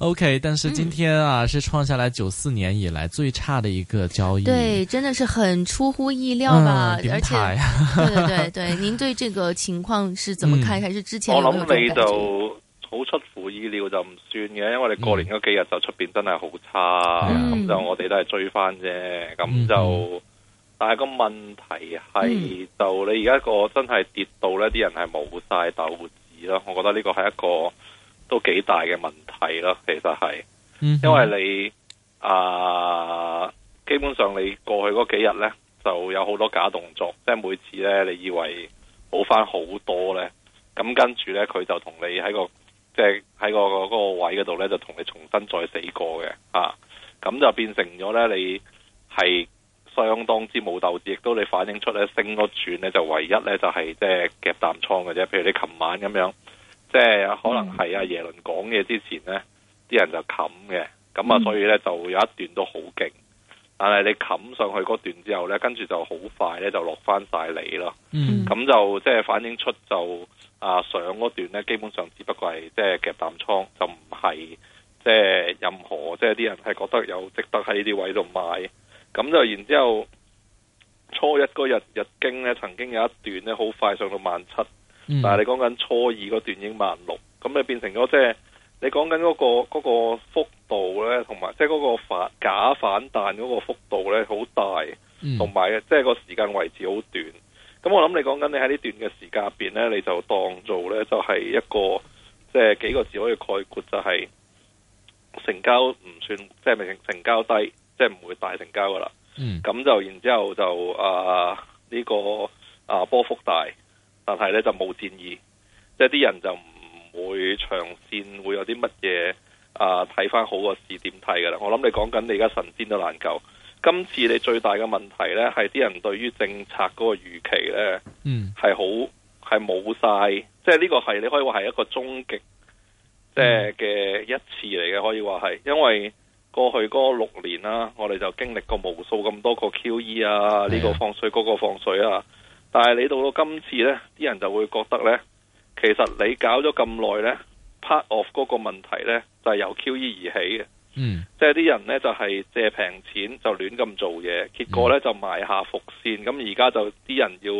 O.K.，但是今天啊，嗯、是創下來九四年以來最差的一個交易。對，真的是很出乎意料啦、嗯。而且，對對對， 對對對，您對這個情況是怎麼看？嗯、還是之前有有我諗你就好出乎意料就唔算嘅，因為你過年嗰幾日就出邊真係好差，咁、嗯嗯、就我哋都係追翻啫。咁就，嗯、但係個問題係、嗯、就你而家個真係跌到呢啲人係冇晒鬥志啦。我覺得呢個係一個。都幾大嘅問題咯，其實係，因為你、嗯、啊，基本上你過去嗰幾日呢，就有好多假動作，即係每次呢，你以為好翻好多呢，咁跟住呢，佢就同你喺個即係喺個嗰個位嗰度呢，就同你重新再死過嘅，吓、啊，咁就變成咗呢，你係相當之冇鬥志，亦都你反映出呢，升嗰轉呢，就唯一呢，就係即係夾淡倉嘅啫，譬如你琴晚咁樣。即係可能係阿耶倫講嘢之前呢啲、mm. 人就冚嘅，咁啊，所以呢就有一段都好勁，但係你冚上去嗰段之後呢，跟住就好快呢就落翻晒嚟咯。嗯、mm.，咁就即、是、係反映出就啊上嗰段呢，基本上只不過係即係夾淡倉，就唔係即係任何即係啲人係覺得有值得喺呢啲位度買。咁就然之後初一嗰日日經呢曾經有一段呢，好快上到萬七。嗯、但係你講緊初二嗰段已經萬六，咁你變成咗即係你講緊、那、嗰個、嗰個幅度咧，同埋即係嗰個反假反彈嗰個幅度咧，好大，同埋即係個時間位置好短。咁我諗你講緊你喺呢段嘅時間入邊咧，你就當做咧就係一個即係、就是、幾個字可以概括就是，就係成交唔算即係成成交低，即係唔會大成交噶啦。咁、嗯、就然之後就啊呢、呢個啊波幅大。但係咧就冇戰意，即係啲人就唔會長線會有啲乜嘢啊睇翻好個事點睇噶啦？我諗你講緊你而家神仙都難救，今次你最大嘅問題咧係啲人對於政策嗰個預期咧，嗯，係好係冇晒。即係呢個係你可以話係一個終極，即係嘅一次嚟嘅，可以話係，因為過去嗰六年啦、啊，我哋就經歷過無數咁多個 QE 啊，呢、呢個放水嗰、嗰個放水啊。但係你到到今次呢啲人就會覺得呢，其實你搞咗咁耐呢 part of 嗰個問題呢，就係由 QE 而起嘅。Mm. 即係啲人呢，就係、是、借平錢就亂咁做嘢，結果呢，就埋下伏線。咁而家就啲人要，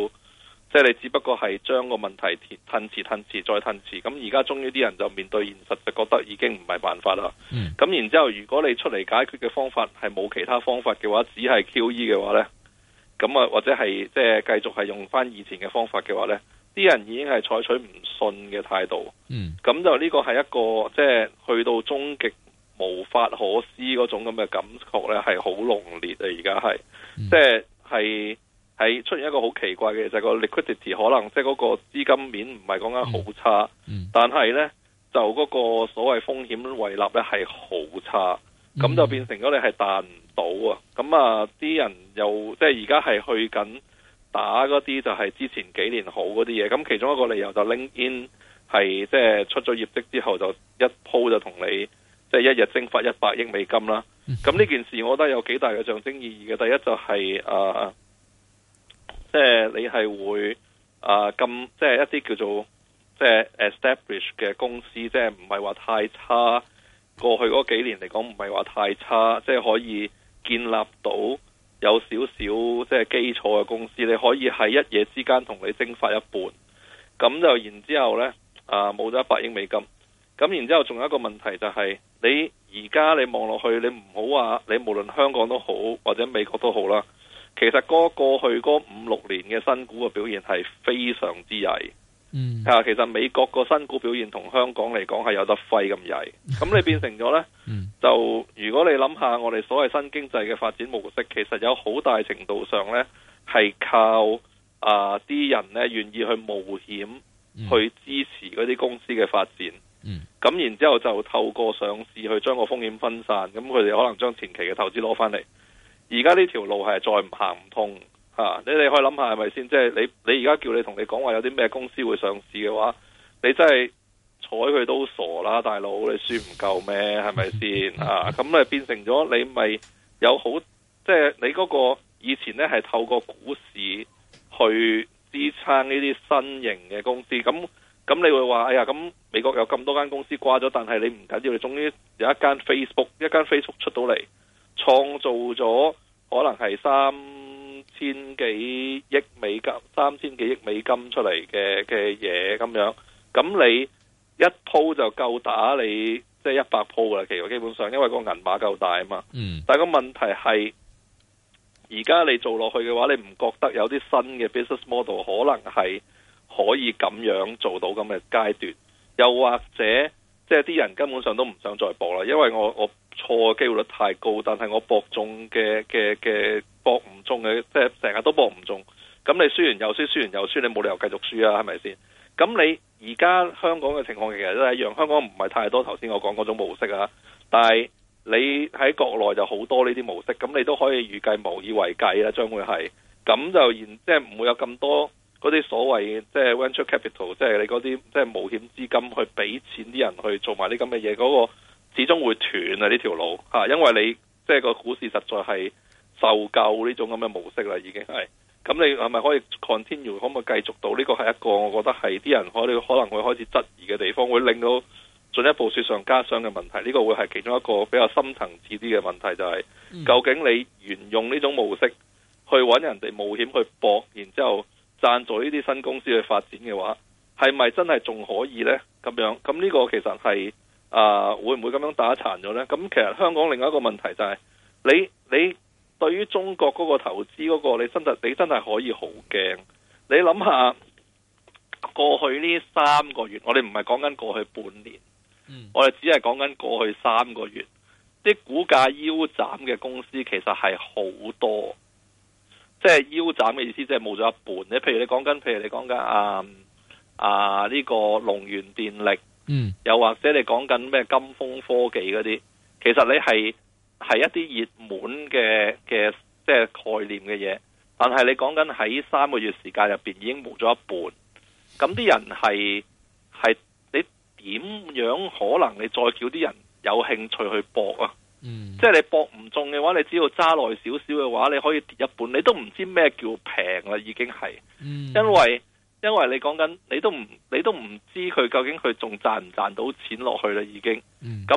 即係你只不過係將個問題褪遲褪遲再褪遲。咁而家終於啲人就面對現實，就覺得已經唔係辦法啦。咁、mm. 然之後，如果你出嚟解決嘅方法係冇其他方法嘅話，只係 QE 嘅話呢。咁啊，或者係即係繼續係用翻以前嘅方法嘅話咧，呢啲人已經係採取唔信嘅態度。嗯。咁就呢個係一個即係去到終極無法可施嗰種咁嘅感覺咧，係好濃烈啊！而家係，即係係喺出現一個好奇怪嘅嘢，就係個 liquidity 可能即係嗰個資金面唔係講緊好差，嗯、但係咧就嗰個所謂風險胃納咧係好差，咁就變成咗你係彈到啊，咁啊，啲人又即係而家係去緊打嗰啲就係之前幾年好嗰啲嘢，咁其中一個理由就 LinkedIn 係即係出咗業績之後就一鋪就同你即係、就是、一日蒸發一百億美金啦。咁呢件事我覺得有幾大嘅象徵意義嘅，第一就係、是、誒，即、啊、係、就是、你係會啊咁，即係、就是、一啲叫做即係、就是、establish 嘅公司，即係唔係話太差，過去嗰幾年嚟講唔係話太差，即、就、係、是、可以。建立到有少少即係基礎嘅公司，你可以喺一夜之間同你蒸發一半，咁就然之後咧，啊冇咗一百億美金。咁然之後仲有一個問題、就是，就係你而家你望落去，你唔好話你無論香港都好或者美國都好啦，其實嗰過去嗰五六年嘅新股嘅表現係非常之曳。嗯，其實美國個新股表現同香港嚟講係有得揮咁曳，咁你變成咗呢？就如果你諗下我哋所謂新經濟嘅發展模式，其實有好大程度上呢係靠啊啲、呃、人呢願意去冒險去支持嗰啲公司嘅發展，咁、嗯、然之後就透過上市去將個風險分散，咁佢哋可能將前期嘅投資攞翻嚟，而家呢條路係再唔行唔通。啊！你哋可以諗下係咪先？即係你你而家叫你同你講話有啲咩公司會上市嘅話，你真係睬佢都傻啦，大佬你輸唔夠咩？係咪先啊？咁咪變成咗你咪有好即係你嗰個以前呢係透過股市去支撐呢啲新型嘅公司。咁咁你會話哎呀咁美國有咁多間公司掛咗，但係你唔緊要，你終於有一間 Facebook 一間 Facebook 出到嚟，創造咗可能係三。千幾億美金，三千幾億美金出嚟嘅嘅嘢咁樣，咁你一鋪就夠打你即係一百鋪噶啦，其實基本上，因為個銀碼夠大啊嘛。嗯，但係個問題係，而家你做落去嘅話，你唔覺得有啲新嘅 business model 可能係可以咁樣做到咁嘅階段？又或者，即係啲人根本上都唔想再搏啦，因為我我。錯嘅機會率太高，但係我博中嘅嘅嘅博唔中嘅，即係成日都博唔中。咁你輸完又輸，輸完又輸，你冇理由繼續輸啊，係咪先？咁你而家香港嘅情況其實都係一樣，香港唔係太多頭先我講嗰種模式啊。但係你喺國內就好多呢啲模式，咁你都可以預計無以為繼啦、啊，將會係咁就然即係唔會有咁多嗰啲所謂即係 venture capital，即係你嗰啲即係冒險資金去俾錢啲人去做埋啲咁嘅嘢嗰個。始終會斷啊！呢條路嚇、啊，因為你即係個股市實在係受夠呢種咁嘅模式啦，已經係咁。那你係咪可以 continue？可唔可以繼續到？呢個係一個我覺得係啲人可可能會開始質疑嘅地方，會令到進一步雪上加霜嘅問題。呢、呢個會係其中一個比較深層次啲嘅問題，就係、係嗯、究竟你沿用呢種模式去揾人哋冒險去搏，然之後贊助呢啲新公司去發展嘅話，係咪真係仲可以呢？咁樣咁呢個其實係。啊，會唔會咁樣打殘咗呢？咁其實香港另外一個問題就係、是、你你對於中國嗰個投資嗰、那個，你真係你真係可以好驚。你諗下過去呢三個月，我哋唔係講緊過去半年，我哋只係講緊過去三個月，啲股價腰斬嘅公司其實係好多。即、就、係、是、腰斬嘅意思，即係冇咗一半。你譬如你講緊，譬如你講緊啊啊呢、這個龍源電力。嗯，又或者你講緊咩金風科技嗰啲，其實你係係一啲熱門嘅嘅即係概念嘅嘢，但係你講緊喺三個月時間入邊已經冇咗一半，咁啲人係係你點樣可能你再叫啲人有興趣去搏啊？嗯，即係你搏唔中嘅話，你只要揸耐少少嘅話，你可以跌一半，你都唔知咩叫平啦，已經係，嗯，因為。因為你講緊，你都唔你都唔知佢究竟佢仲賺唔賺到錢落去啦，已經。咁、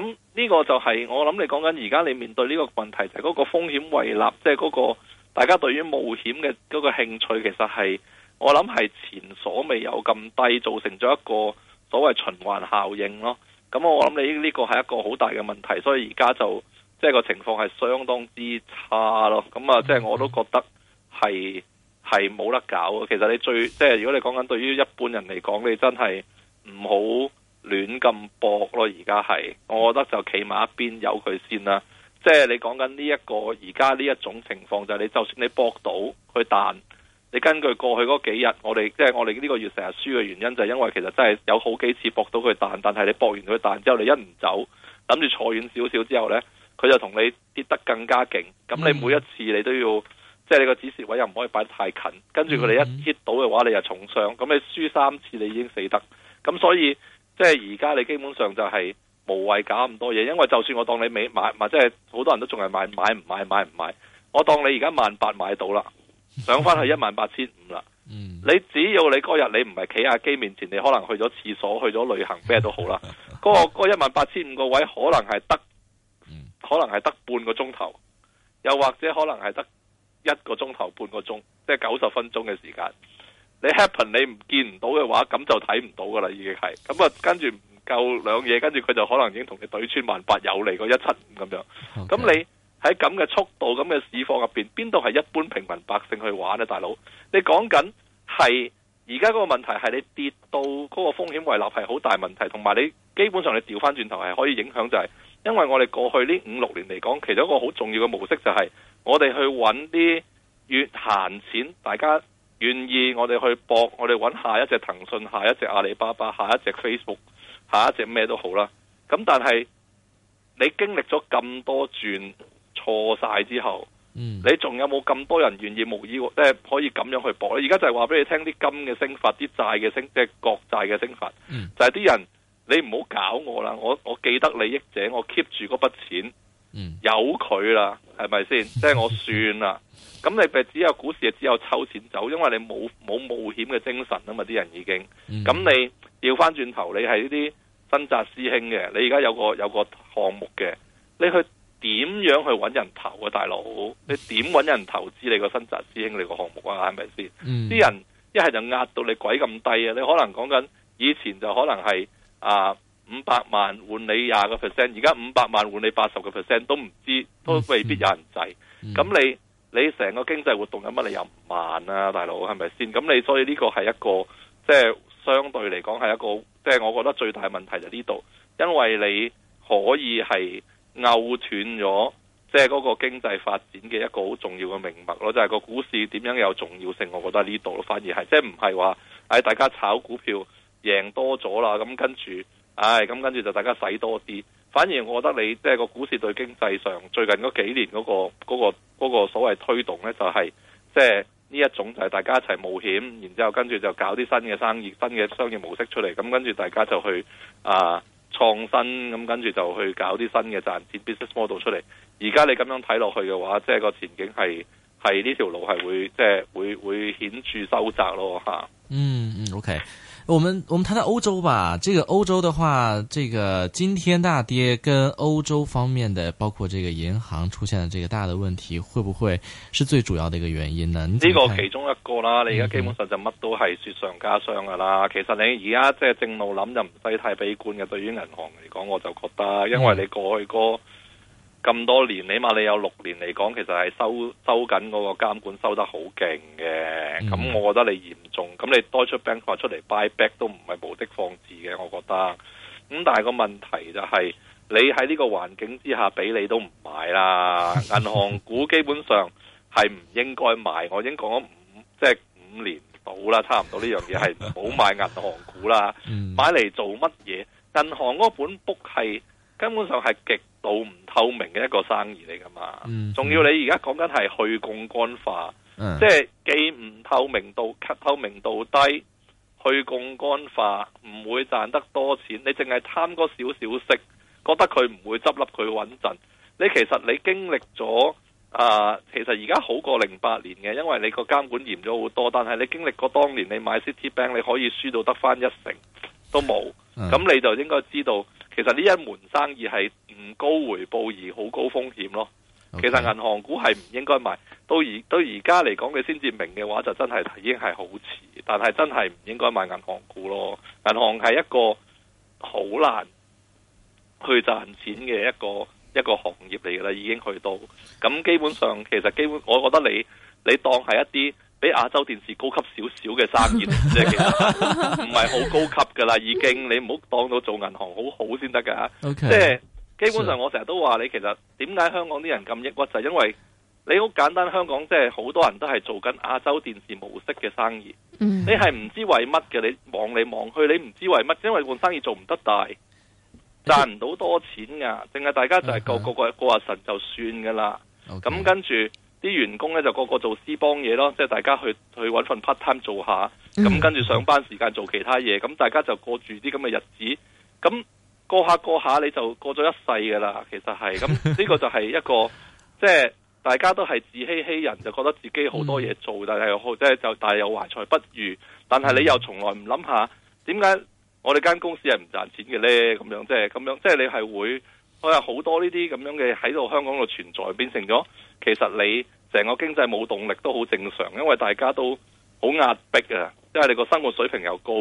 嗯、呢個就係、是、我諗你講緊，而家你面對呢個問題就係、是、嗰個風險胃納，即係嗰個大家對於冒險嘅嗰個興趣其實係我諗係前所未有咁低，造成咗一個所謂循環效應咯。咁我我諗你呢個係一個好大嘅問題，所以而家就即係、就是、個情況係相當之差咯。咁啊，即係我都覺得係。係冇得搞嘅，其實你最即係如果你講緊對於一般人嚟講，你真係唔好亂咁博咯。而家係，我覺得就企埋一邊，由佢先啦。即係你講緊呢一個而家呢一種情況，就係你就算你博到佢彈，你根據過去嗰幾日，我哋即係我哋呢個月成日輸嘅原因，就係因為其實真係有好幾次博到佢彈，但係你博完佢彈之後，你一唔走，諗住坐遠少少之後呢，佢就同你跌得更加勁。咁你每一次你都要。即係你個止蝕位又唔可以擺得太近，跟住佢哋一 hit 到嘅話你就，你又重上，咁你輸三次你已經死得，咁所以即係而家你基本上就係無謂搞咁多嘢，因為就算我當你未買，或即係好多人都仲係買，買唔買買唔買，買，我當你而家萬八買到啦，上翻去一萬八千五啦， 你只要你嗰日你唔係企下機面前，你可能去咗廁所，去咗旅行，咩都好啦，嗰、那個一萬八千五個位可能係得，可能係得半個鐘頭，又或者可能係得。一個鐘頭半個鐘，即係九十分鐘嘅時間。你 happen 你唔見唔到嘅話，咁就睇唔到噶啦，已經係咁啊。跟住唔夠兩嘢，跟住佢就可能已經同你對穿萬八有嚟過，一七咁樣。咁、okay. 你喺咁嘅速度、咁嘅市況入邊，邊度係一般平民百姓去玩啊，大佬？你講緊係而家嗰個問題係你跌到嗰個風險位立係好大問題，同埋你基本上你調翻轉頭係可以影響就係、是。因為我哋過去呢五六年嚟講，其中一個好重要嘅模式就係、是、我哋去揾啲月閒錢，大家願意我哋去博，我哋揾下一隻騰訊、下一隻阿里巴巴、下一隻 Facebook、下一隻咩都好啦。咁但係你經歷咗咁多轉錯晒之後，嗯、你仲有冇咁多人願意無意即係可以咁樣去博呢？而家就係話俾你聽，啲金嘅升法，啲債嘅升，即係國債嘅升法，嗯、就係、是、啲人。你唔好搞我啦，我我記得利益者，我 keep 住嗰筆錢，嗯、有佢啦，係咪先？即係我算啦。咁你咪只有股市，只有抽錢走，因為你冇冇冒險嘅精神啊嘛？啲人已經，咁、嗯、你調翻轉頭，你係呢啲新紮師兄嘅，你而家有個有個項目嘅，你去點樣去揾人投啊，大佬？你點揾人投資你個新紮師兄你個項目啊？係咪先？嗯、啲人一係就壓到你鬼咁低啊！你可能講緊以前就可能係。啊，五百萬換你廿個 percent，而家五百萬換你八十個 percent，都唔知都未必有人制。咁、嗯、你你成個經濟活動有乜理由唔慢啊，大佬係咪先？咁你所以呢個係一個即係、就是、相對嚟講係一個即係、就是、我覺得最大問題就呢度，因爲你可以係拗斷咗即係嗰個經濟發展嘅一個好重要嘅命脈咯，就係、是、個股市點樣有重要性，我覺得呢度咯，反而係即係唔係話誒大家炒股票。贏多咗啦，咁跟住，唉、哎，咁跟住就大家使多啲。反而我覺得你即係、即係、個股市對經濟上最近嗰幾年嗰、嗰個嗰、嗰個嗰、嗰個嗰個所謂推動呢，就係即係呢一種就係大家一齊冒險，然之後跟住就搞啲新嘅生意、新嘅商業模式出嚟。咁跟住大家就去啊創新，咁跟住就去搞啲新嘅賺錢 business model 出嚟。而家你咁樣睇落去嘅話，即、即、係、係、個前景係係呢條路係會即係、即係、會會，會顯著收窄咯吓。嗯嗯，OK。我們我們談談歐洲吧。這個歐洲的話，這個今天大跌跟歐洲方面的，包括這個銀行出現的這個大的問題，會不會是最主要的一個原因呢？這個其中一個啦，你而家基本上就乜都係雪上加霜噶啦、嗯。其實你而家即係正路諗就唔使太悲觀嘅，對於銀行嚟講，我就覺得，因為你過去個。嗯咁多年，起碼，你有六年嚟講，其實係收收緊嗰個監管，收得好勁嘅。咁、嗯、我覺得你嚴重，咁你多出 banknote 出嚟 buy back 都唔係無的放矢嘅，我覺得。咁但係個問題就係、是，你喺呢個環境之下，俾你都唔買啦。銀 行股基本上係唔應該買，我已經講咗五即係、就是、五年到啦，差唔多呢樣嘢係唔好買銀行股啦、嗯。買嚟做乜嘢？銀行嗰本 book 係根本上係極。好唔透明嘅一個生意嚟噶嘛，仲、嗯、要你而家講緊係去槓桿化，嗯、即係既唔透明度，透明度低，去槓桿化唔會賺得多錢，你淨係貪嗰少少息，覺得佢唔會執笠，佢穩陣。你其實你經歷咗啊，其實而家好過零八年嘅，因為你個監管嚴咗好多，但係你經歷過當年你買 City Bank 你可以輸到得翻一成都冇，咁、嗯、你就應該知道。其實呢一門生意係唔高回報而好高風險咯。Okay. 其實銀行股係唔應該買。到而到而家嚟講，你先至明嘅話，就真係已經係好遲。但係真係唔應該買銀行股咯。銀行係一個好難去賺錢嘅一個一個行業嚟噶啦，已經去到咁。基本上，其實基本，我覺得你你當係一啲。比亞洲電視高級少少嘅生意即啫， 其實唔係好高級噶啦，已經你唔好當到做銀行很好好先得噶。即、okay, 係基本上我成日都話你，其實點解香港啲人咁抑鬱就係、是、因為你好簡單，香港即係好多人都係做緊亞洲電視模式嘅生意。你係唔知為乜嘅，你望嚟望去，你唔知為乜，因為個生意做唔得大，賺唔到多錢㗎，淨係大家就係個個過下神就算㗎啦。咁跟住。嗯嗯嗯嗯嗯嗯啲員工咧就個個做私幫嘢咯，即係大家去去揾份 part time 做下，咁跟住上班時間做其他嘢，咁大家就過住啲咁嘅日子，咁過下過下你就過咗一世㗎啦。其實係，咁呢個就係一個 即係大家都係自欺欺人，就覺得自己好多嘢做， 但係又即係就大有懷才不遇，但係你又從來唔諗下點解我哋間公司係唔賺錢嘅咧？咁樣即係咁樣，即係你係會。我話好多呢啲咁樣嘅喺度香港嘅存在，變成咗，其實你成個經濟冇動力都好正常，因為大家都好壓迫啊，因為你個生活水平又高，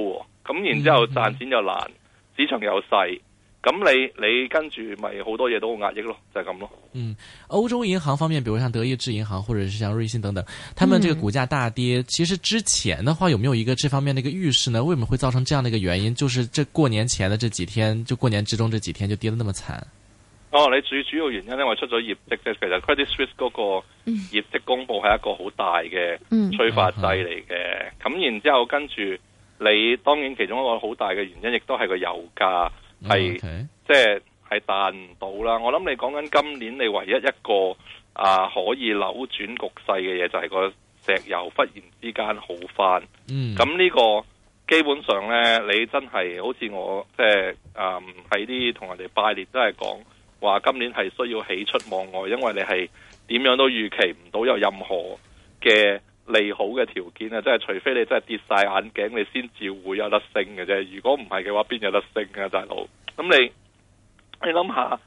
咁然之後賺錢又難，嗯嗯、市場又細，咁你你跟住咪好多嘢都好壓抑咯，就係咁咯。嗯，歐洲銀行方面，比如像德意志銀行，或者是像瑞信等等，他們這個股價大跌，其實之前的話有沒有一個這方面的一個預示呢？為什麼會造成這樣的一個原因？就是這過年前的這幾天，就過年之中這幾天就跌得那麼慘。哦，你主主要原因咧，我出咗業績咧。其實 Credit Suisse 嗰個業績公布係一個好大嘅催化劑嚟嘅。咁、嗯、然之後跟住，你當然其中一個好大嘅原因也是，亦都係個油價，係、okay. 即係係彈唔到啦。我諗你講緊今年你唯一一個啊可以扭轉局勢嘅嘢，就係、是、個石油忽然之間好翻。咁、嗯、呢個基本上咧，你真係好似我即係啊喺啲同人哋拜年都係講。話今年係需要喜出望外，因為你係點樣都預期唔到有任何嘅利好嘅條件啊！即係除非你真係跌晒眼鏡，你先至會有得升嘅啫。如果唔係嘅話，邊有得升啊，大佬？咁你你諗下，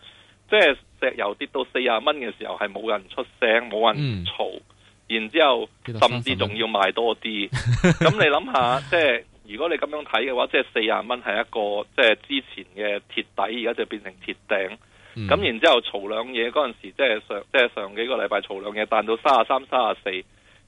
即係石油跌到四十蚊嘅時候，係冇人出聲，冇人嘈，嗯，然之後甚至仲要賣多啲。咁你諗下，即係如果你咁樣睇嘅話，即係四十蚊係一個即係之前嘅鐵底，而家就變成鐵頂。咁、嗯、然之後兩，嘈兩嘢嗰陣時，即係上即係上幾個禮拜嘈兩嘢，彈到三啊三、三啊四，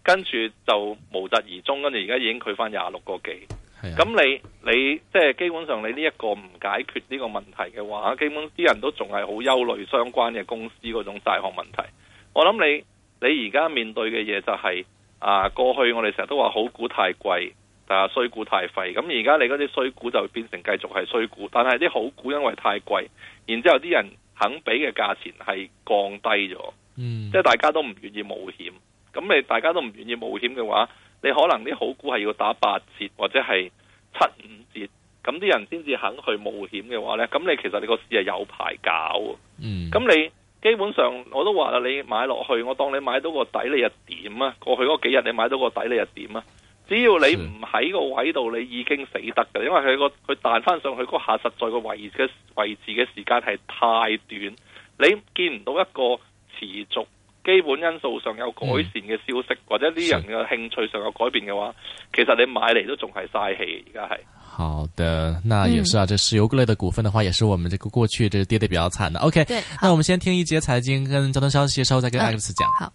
跟住就無疾而終。跟住而家已經佢翻廿六個幾。係啊，咁你你即係、就是、基本上你呢一個唔解決呢個問題嘅話，基本啲人都仲係好憂慮相關嘅公司嗰種債項問題。我諗你你而家面對嘅嘢就係、是、啊，過去我哋成日都話好股太貴，係、啊、衰股太廢。咁而家你嗰啲衰股就會變成繼續係衰股，但係啲好股因為太貴，然之後啲人，肯俾嘅價錢係降低咗，嗯，即係大家都唔願意冒險，咁你大家都唔願意冒險嘅話，你可能啲好股係要打八折或者係七五折，咁啲人先至肯去冒險嘅話呢，咁你其實你個市係有排搞，咁、嗯、你基本上我都話啦，你買落去，我當你買到個底，你又點啊？過去嗰幾日你買到個底你就，你又點啊？只要你唔喺個位度，你已經死得㗎！因為佢個佢彈翻上去嗰下，實在個位嘅位置嘅時間係太短，你見唔到一個持續基本因素上有改善嘅消息，嗯、或者啲人嘅興趣上有改變嘅話，其實你買嚟都仲係嘥氣，而家係。好的，那也是啊，這石油類的股份的話，也是我們這個過去這跌得比較慘的。OK，那我們先聽一節財經跟交通消息，稍後再跟 Alex 講。嗯，好。